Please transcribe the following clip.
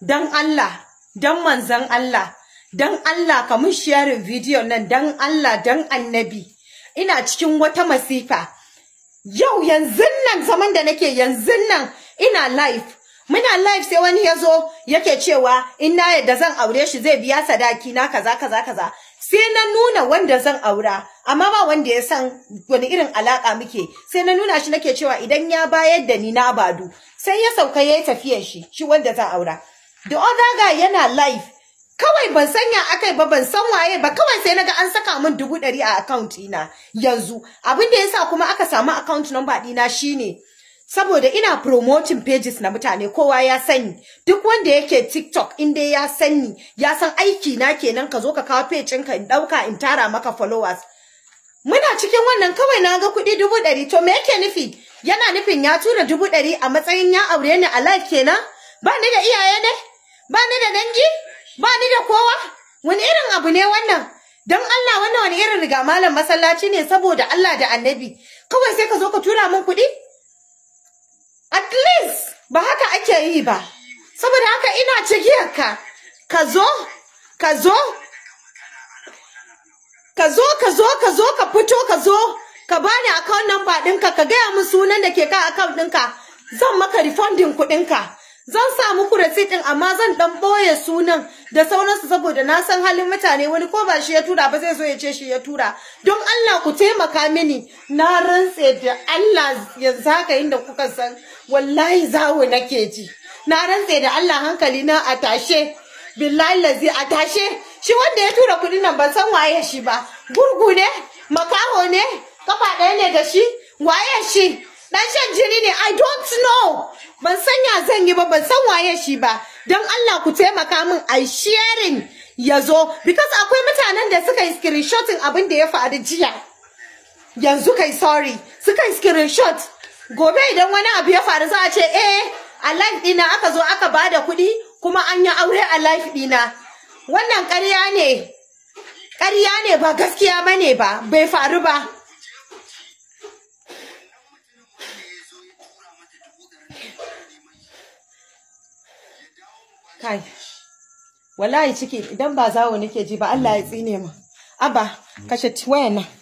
dan Allah dan manzan Allah dan Allah ka mun share video nan dan Allah dan annabi ina cikin wata masifa yau yanzu nan zaman da nake yanzu nan ina live muna live sai wani ya zo yake cewa in na yadda zan aure shi zai biya sadaki na kaza kaza kaza sai na nuna wanda zan aura amma ba wanda ya san wani irin alaka muke sai na nuna shi nake cewa idan ya bayar da ni na badu sai ya sauka yayi tafiyar shi shi wanda zan aura the other guy yana live kawai ban sanya akai ba ban san waye ba kawai sai naga an saka min dubu ɗari a account ina yanzu abin da yasa kuma aka samu account number ɗina shine saboda ina promoting pages na mutane kowa ya sani duk wanda yake TikTok in dai ya sani ya san aiki na kenan ka zo ka kawo page ɗinka in ɗauka in tara maka followers muna cikin wannan kawai na ga kuɗi dubu ɗari to me yake nufi yana nufin ya tura dubu ɗari a matsayin ya aure ni a live kenan ba ni da iyaye dai? ba ni da dangi ba ni da kowa wani irin abu ne wannan don Allah wannan wani irin riga malam masallaci ne saboda Allah da annabi kawai sai ka zo ka tura min kuɗi at least ba haka ake yi ba saboda haka ina cigiyarka ka zo ka zo ka zo ka zo ka zo ka fito ka zo ka bani account number ɗinka ka gaya min sunan da ke kan account ɗinka zan maka refunding kuɗinka zan sa muku receipt din amma zan dan boye sunan da sauransu saboda na san halin mutane wani ko ba shi ya tura ba zai zo ya ce shi ya tura don Allah ku taimaka mini na rantse da Allah yanzu haka inda kuka san wallahi zawo nake ji na rantse da Allah hankali na a tashe billahi lazi a shi wanda ya tura kudin nan ban san waye shi ba gurgu ne makaho ne kafa ɗaya ne da shi waye shi dan shan jini ne i don't know ban san ya zan yi ba ban san waye shi ba don Allah ku taimaka min ai sharing ya zo because akwai mutanen da suka yi screenshotting abin da ya faru jiya yanzu kai sorry suka yi screenshot gobe idan wani abu ya faru za a ce eh a life dina aka zo aka bada kuɗi kuma an yi aure a life dina wannan ƙarya ne ƙarya ne ba gaskiya bane ba bai faru ba kai wallahi ciki idan ba zawo nake ji ba Allah ya tsine mu abba kashe wayan nan